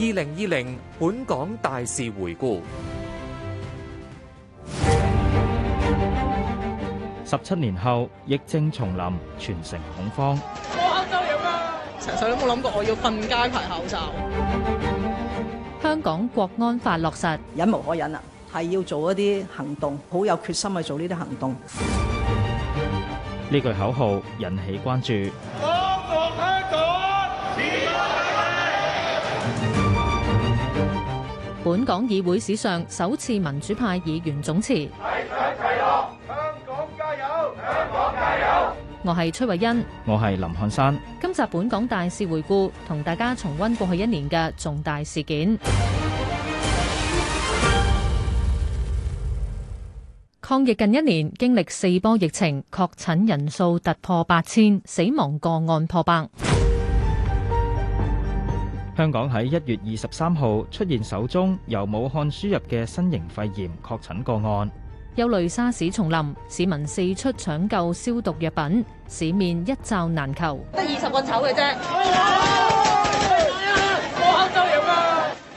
二零二零，2020，本港大事回顧。十七年後，疫症重臨，全城恐慌。我口罩有嗎？成世都冇諗過我要瞓街排口罩。香港國安法落實，忍無可忍呀，係要做一啲行動，好有決心去做呢啲行動。呢句口號引起關注。本港議會史上首次民主派議員總辭。我係崔蔚恩，我係林漢山。今集本港大事回顧，同大家重温過去一年嘅重大事件。 抗疫近一年，經歷四波疫情，確診人數突破八千，死亡個案破百。香港喺一月二十三號出現首宗由武漢輸入嘅新型肺炎確診個案。憂慮沙士重臨，市民四出搶救消毒藥品，市面一罩難求。得二十個丑嘅啫。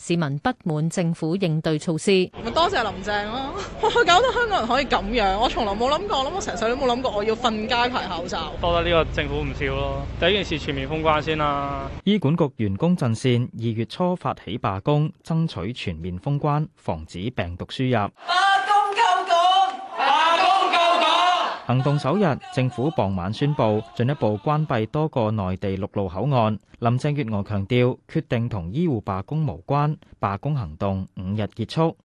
市民不滿政府應對措施，咪多謝，謝林鄭咯！佢搞到香港人可以咁樣，我從來冇諗過，諗我成世都冇諗過我要瞓街戴口罩，多得呢、這個政府唔少咯。第一件事全面封關先啦。醫管局員工陣線二月初發起罷工，爭取全面封關，防止病毒輸入。啊行動首日，政府傍晚宣布進一步關閉多個內地陸路口岸。林鄭月娥強調，決定同醫護罷工無關，罷工行動五日結束。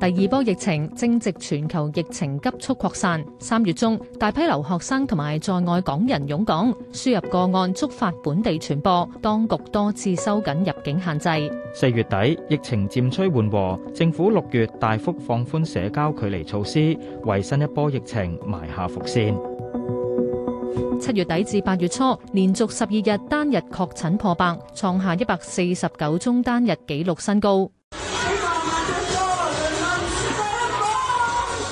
第二波疫情正值全球疫情急速擴散，三月中大批留學生同埋在外港人湧港，輸入個案觸發本地傳播，當局多次收緊入境限制。四月底疫情漸趨緩和，政府六月大幅放寬社交距離措施，為新一波疫情埋下伏線。七月底至八月初，連續十二日單日確診破百，創下一百四十九宗單日紀錄新高。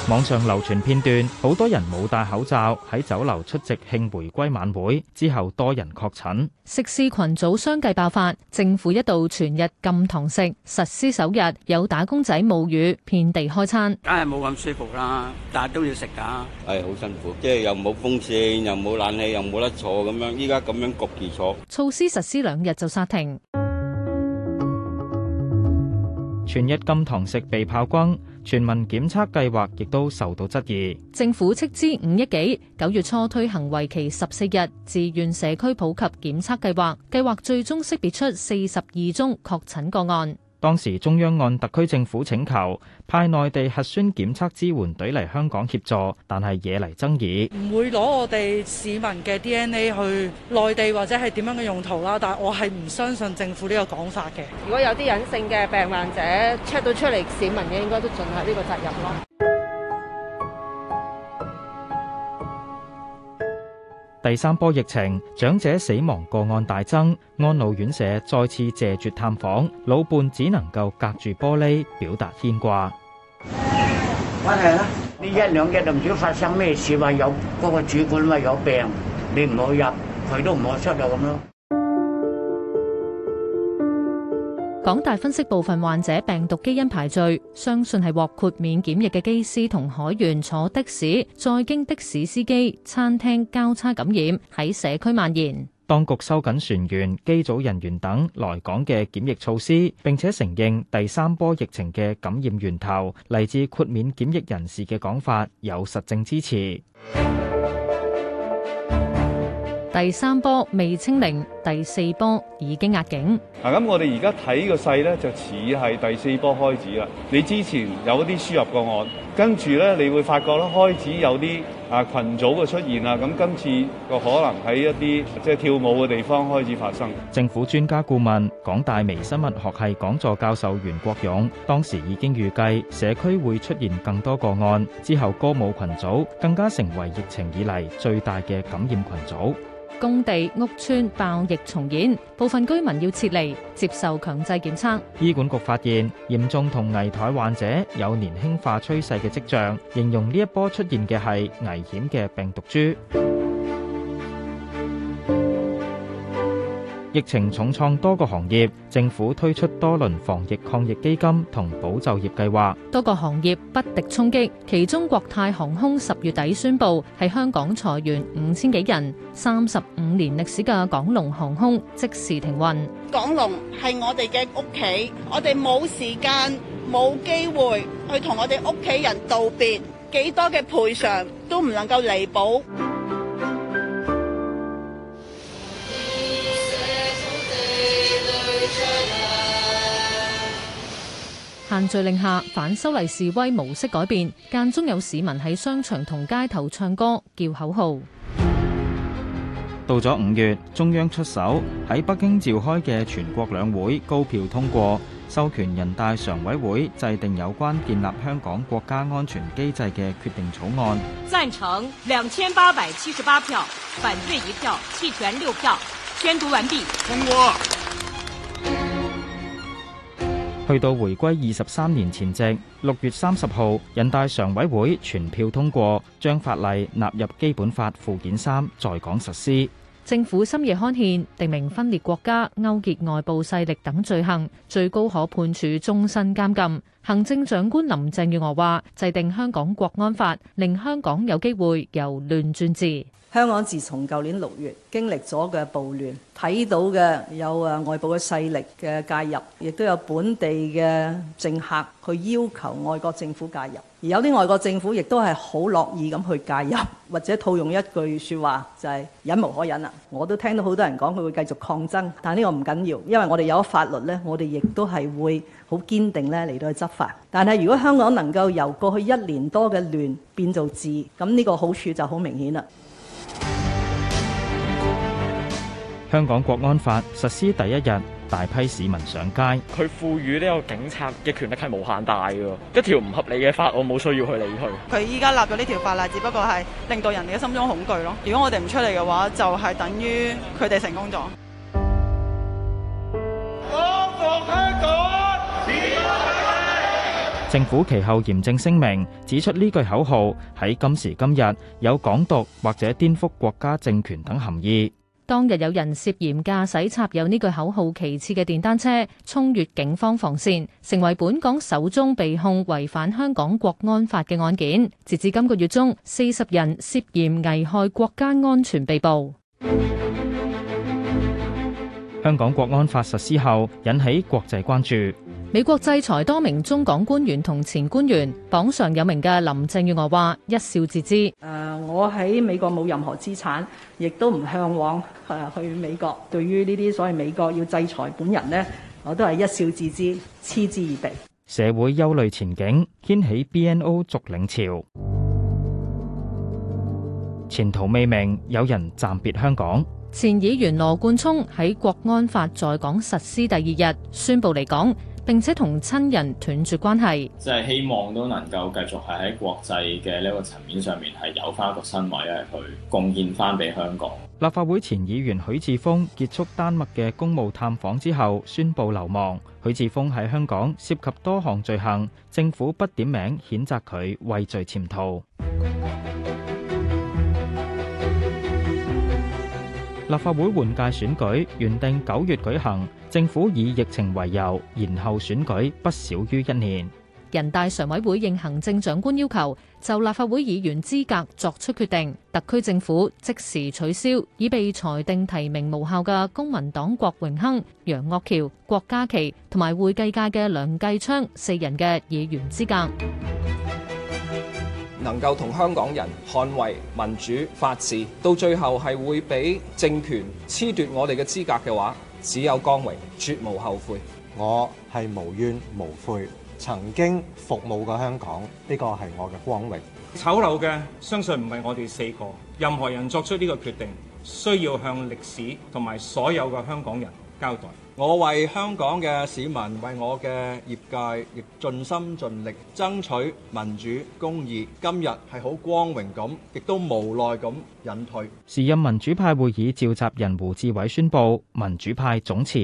網上流傳片段，好多人冇戴口罩喺酒樓出席慶回歸晚會之後，多人確診。食肆群組相繼爆發，政府一度全日禁堂食，實施首日有打工仔冒雨遍地開餐，梗係冇咁舒服啦，但係都要食㗎，係，哎，好辛苦，即係又冇風扇，又冇冷氣，又冇得坐咁樣。依家咁樣焗住坐。措施實施兩日就煞停。全日禁堂食被炮轟，全民檢測計劃亦都受到質疑。政府斥資五億幾，九月初推行為期十四日自願社區普及檢測計劃，計劃最終識別出四十二宗確診個案。當時中央按特區政府請求派內地核酸檢測支援隊嚟香港協助，但係惹嚟爭議。唔會攞我哋市民嘅 DNA 去內地或者係點樣嘅用途啦，但係我係唔相信政府呢個講法嘅。如果有啲隱性嘅病患者 check 到出嚟，市民嘅應該都盡下呢個責任咯。第三波疫情，長者死亡個案大增，安老院舍再次謝絕探訪，老伴只能夠隔住玻璃表達牽掛。問題咧，呢一兩日就唔知發生咩事，話有嗰個主管話有病，你唔可以入，佢都唔可以出啊咁咯。港大分析部分患者病毒基因排序，相信係獲豁免檢疫嘅機師同海員坐的士，再經的士司機、餐廳交叉感染喺社區蔓延。當局收緊船員、機組人員等來港嘅檢疫措施，並且承認第三波疫情嘅感染源頭嚟自豁免檢疫人士嘅講法有實證支持。第三波未清零，第四波已經壓境。嗱、啊，咁我哋而家睇個勢咧，就似係第四波開始啦。你之前有一啲輸入個案，跟住咧，你會發覺啦，開始有啲啊群組嘅出現啦。咁今次個可能喺一啲即係跳舞嘅地方開始發生。政府專家顧問、港大微生物學系講座教授袁國勇當時已經預計社區會出現更多個案，之後歌舞群組更加成為疫情以嚟最大嘅感染群組。工地屋邨爆疫重演，部分居民要撤離接受強制檢測。醫管局發現嚴重同危殆患者有年輕化趨勢嘅跡象，形容呢一波出現嘅係危險嘅病毒株。疫情重創多個行業，政府推出多輪防疫抗疫基金同保就業計劃，多個行業不敵衝擊。其中國泰航空十月底宣布喺香港裁員五千幾人，三十五年歷史嘅港龍航空即時停運。港龍係我哋嘅屋企，我哋冇時間冇機會去同我哋屋企人道別，幾多嘅賠償都唔能夠彌補。限聚令下反修例示威模式改變，間中有市民喺商場同街頭唱歌叫口號。到咗五月，中央出手喺北京召開嘅全國兩會，高票通過授權人大常委會制定有關建立香港國家安全機制嘅決定草案。贊成兩千八百七十八票，反對一票，棄權六票。宣讀完畢，通過。去到回歸二十三年前夕，六月三十號，人大常委會全票通過，將法例納入基本法附件三，在港實施。政府深夜刊憲，定明分裂國家、勾結外部勢力等罪行，最高可判處終身監禁。行政長官林鄭月娥話：制定香港國安法，令香港有機會由亂轉治。香港自從舊年六月經歷咗嘅暴亂，睇到嘅，有啊外部嘅勢力嘅介入，亦都有本地嘅政客去要求外國政府介入，而有啲外國政府亦都係好樂意咁去介入。或者套用一句說話，就係忍無可忍啦。我都聽到好多人講佢會繼續抗爭，但呢個唔緊要，因為我哋有法律呢，我哋亦都係會好堅定呢嚟到去執。但係如果香港能夠由過去一年多嘅亂變做治，咁呢個好處就好明顯啦。香港國安法實施第一日，大批市民上街。佢賦予呢個警察嘅權力係無限大嘅，一條唔合理嘅法，我冇需要去理佢。佢依家立咗呢條法啦，只不過係令到人哋嘅心中恐懼咯。如果我哋唔出嚟嘅話，就係等於佢哋成功咗。政府其後嚴正聲明，指出呢句口號喺今時今日有港獨或者顛覆國家政權等含義。當日有人涉嫌駕駛插有呢句口號旗幟嘅電單車衝越警方防線，成為本港首宗被控違反香港國安法嘅案件。截至今個月中，四十人涉嫌危害國家安全被捕。香港國安法實施後，引起國際關注。美國制裁多名中港官員同前官員，榜上有名嘅林鄭月娥話一笑置之。誒、呃，我喺美國冇任何資產，亦都唔向往去美國。對於呢啲所謂美國要制裁本人咧，我都係一笑置之，嗤之以鼻。社會憂慮前景掀起 BNO 續領潮，前途未明，有人暫別香港。前議員羅冠聰喺國安法在港實施第二日宣布離港。並且同親人斷絕關係，即係希望都能夠繼續係喺國際嘅呢個層面上面係有翻一個身位咧，去貢獻翻俾香港。立法會前議員許智峰結束丹麥嘅公務探訪之後，宣布流亡。許智峰喺香港涉及多項罪行，政府不點名譴責佢畏罪潛逃。立法會換屆選舉原定九月舉行，政府以疫情為由延後選舉，不少於一年。人大常委會應行政長官要求就立法會議員資格作出決定，特區政府即時取消已被裁定提名無效嘅公民黨郭榮鏗、楊岳橋、郭家麒，同埋會計界嘅梁繼昌四人嘅議員資格。能夠同香港人捍衛民主法治，到最後係會俾政權褫奪我哋嘅資格嘅話，只有光榮絕無後悔。我係無怨無悔，曾經服務過香港，呢個係我嘅光榮。醜陋嘅，相信唔係我哋四個任何人作出呢個決定，需要向歷史同埋所有嘅香港人交代。我為香港嘅市民，為我嘅業界，亦盡心盡力爭取民主公義。今日係好光榮咁，亦都無奈咁隱退。時任民主派會議召集人胡志偉宣佈民主派總辭。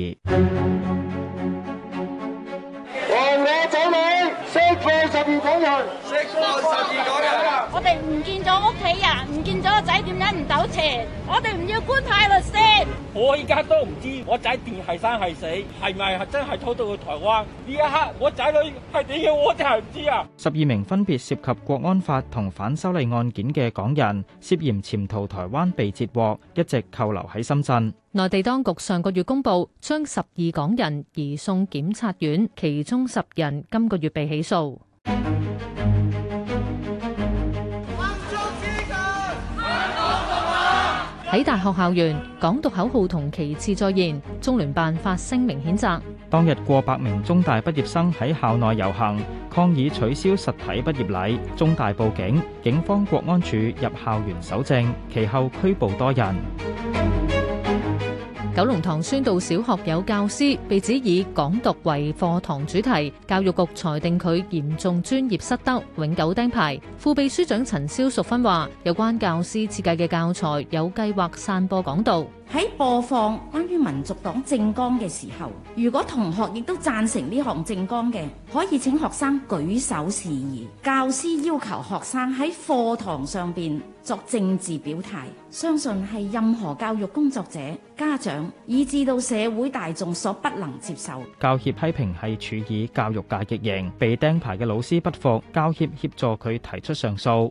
我哋唔見咗屋企人，唔見咗個仔，點解唔糾纏？我哋唔要官派律師。我而家都唔知我仔係生係死，係咪係真係偷渡去台灣？呢一刻我仔女係點樣，我真係唔知啊！十二名分別涉及國安法同反修例案件嘅港人，涉嫌潛逃台灣被截獲，一直扣留喺深圳。內地當局上個月公布，將十二港人移送檢察院，其中十人今個月被起訴。 喺大學校園，港獨口號同旗幟再現，中聯辦發聲明譴責。當日過百名中大畢業生喺校內遊行，抗議取消實體畢業禮。中大報警，警方國安處入校園搜證，其後拘捕多人。九龍塘宣道小學有教師被指以港獨為課堂主題，教育局裁定佢嚴重專業失德，永久釘牌。副秘書長陳蕭淑芬話：有關教師設計嘅教材有計劃散播港獨。喺播放關於民族黨政綱嘅時候，如果同學亦都贊成呢項政綱嘅，可以請學生舉手示意。教師要求學生喺課堂上邊作政治表態，相信係任何教育工作者、家長，以至到社會大眾所不能接受。教協批評係處以教育界極刑，被釘牌嘅老師不服，教協協助佢提出上訴。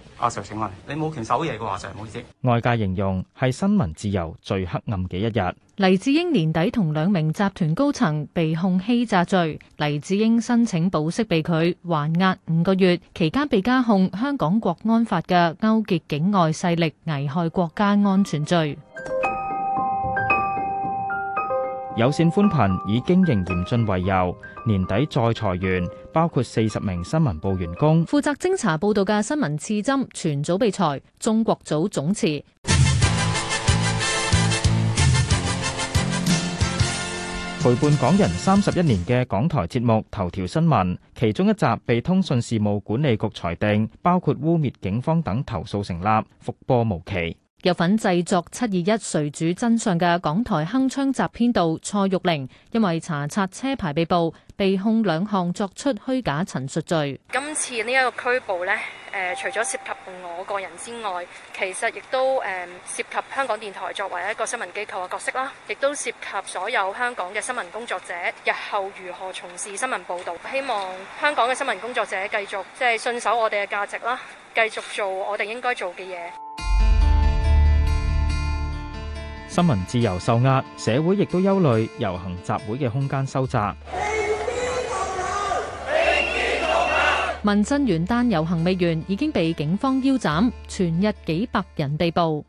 阿 Sir，請問你冇權守嘢嘅話，就唔好意思。外界形容係新聞自由最黑暗嘅一日。黎智英年底同兩名集團高層被控欺詐罪，黎智英申請保釋被拒，還押五個月，期間被加控香港國安法嘅勾結境外勢力危害國家安全罪。有綫寬頻以經營嚴峻為由，年底再裁員。包括四十名新聞部員工，負責偵查報導嘅新聞刺針全組被裁，中國組總辭。陪伴港人三十一年嘅港台節目《頭條新聞》，其中一集被通訊事務管理局裁定，包括污蔑警方等投訴成立，復播無期。有份製作《七二一誰主真相》嘅港台鏗鏘集編導蔡玉玲，因為查冊車牌被捕，被控兩項作出虛假陳述罪。今次呢一個拘捕咧，誒、呃，除咗涉及我個人之外，其實亦都誒、呃、涉及香港電台作為一個新聞機構嘅角色啦，亦都涉及所有香港嘅新聞工作者日後如何從事新聞報導。希望香港嘅新聞工作者繼續即係、就是、信守我哋嘅價值啦，繼續做我哋應該做嘅嘢。新聞自由受壓，社會亦都憂慮遊行集會嘅空間收窄。民陣元旦遊行未完，已經被警方腰斬，全日幾百人被捕。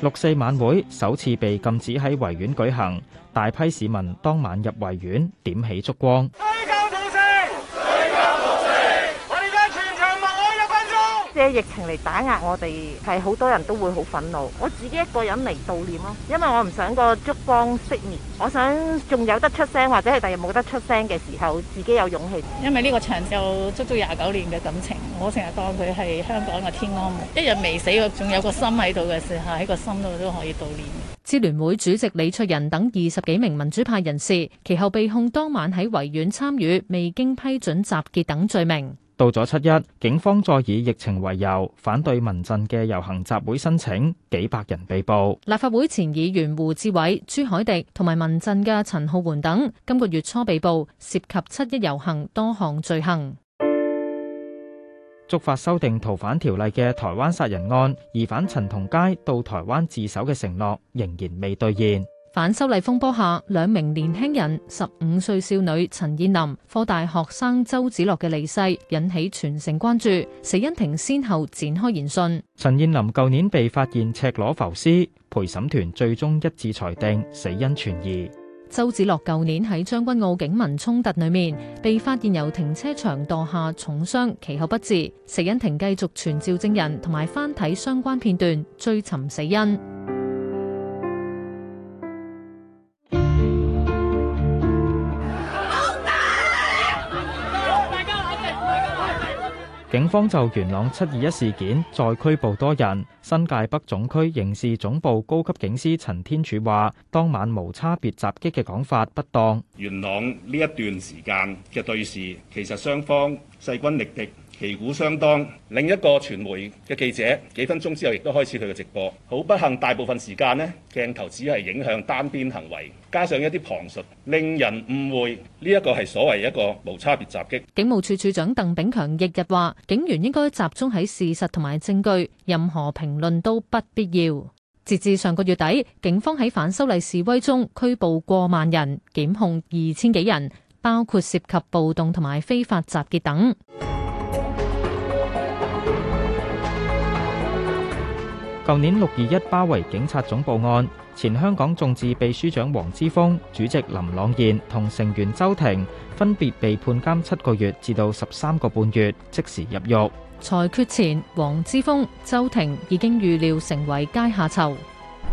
六四晚會首次被禁止喺維園舉行，大批市民當晚入維園點起燭光。借疫情嚟打壓我哋，係好多人都會好憤怒。我自己一個人嚟悼念咯，因為我唔想個燭光熄滅，我想仲有得出聲，或者係第日冇得出聲嘅時候，自己有勇氣。因為呢個長有足足廿九年嘅感情，我成日當佢係香港嘅天安門。一日未死，我仲有個心喺度嘅時候，喺個心度都可以悼念。支聯會主席李卓人等二十幾名民主派人士，其後被控當晚喺維園參與未經批准集結等罪名。到咗七一，警方再以疫情為由反對民陣嘅遊行集會申請，幾百人被捕。立法會前議員胡志偉、朱海迪同埋民陣嘅陳浩桓等今個月初被捕，涉及七一遊行多項罪行。觸發修訂逃犯條例嘅台灣殺人案疑犯陳同佳到台灣自首嘅承諾仍然未兌現。反修例風波下，兩名年輕人，十五歲少女陳彥霖、科大學生周梓樂嘅離世，引起全城關注。死因庭先後展開研訊。陳彥霖舊年被發現赤裸浮屍，陪審團最終一致裁定死因存疑。周梓樂舊年喺將軍澳警民衝突裏面，被發現由停車場墮下重傷，其後不治。死因庭繼續傳召證人同埋翻睇相關片段，追尋死因。警方就元朗七二一事件再拘捕多人。新界北總區刑事總部高級警司陳天柱話，當晚無差別襲擊嘅講法不當。元朗呢一段時間嘅對峙，其實雙方勢均力敵，旗鼓相當。另一個傳媒嘅記者幾分鐘之後，亦都開始佢嘅直播。好不幸，大部分時間呢鏡頭只係影響單邊行為，加上一啲旁述，令人誤會呢一個係所謂一個無差別襲擊。警務處處長鄧炳強日日話：警員應該集中喺事實同埋證據，任何評論都不必要。截至上個月底，警方喺反修例示威中拘捕過萬人，檢控二千幾人，包括涉及暴動同埋非法集結等。舊年六二一包圍警察總部案，前香港眾志秘書長黃之鋒、主席林朗彥同成員周庭分別被判監七個月至到十三個半月，即時入獄。裁決前，黃之鋒、周庭已經預料成為階下囚。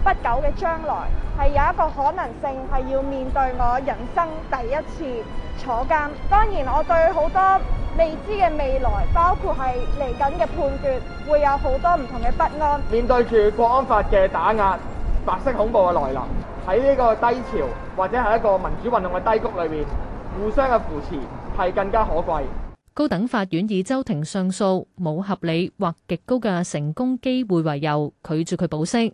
不久嘅將來係有一個可能性，係要面對我人生第一次坐監。當然，我對好多未知嘅未來，包括係嚟緊嘅判決，會有好多唔同嘅不安。面對住國安法嘅打壓、白色恐怖嘅來臨，喺呢個低潮或者係一個民主運動嘅低谷裏面，互相嘅扶持係更加可貴。高等法院以周庭上訴冇合理或極高嘅成功機會為由，拒絕佢保釋。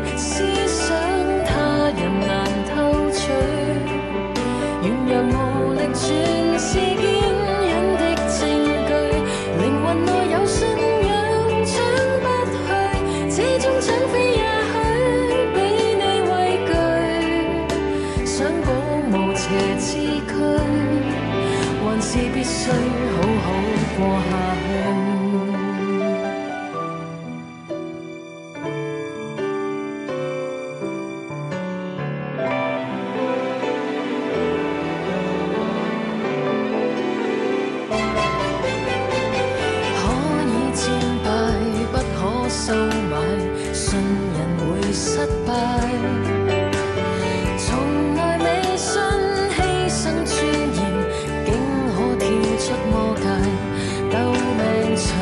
好好過。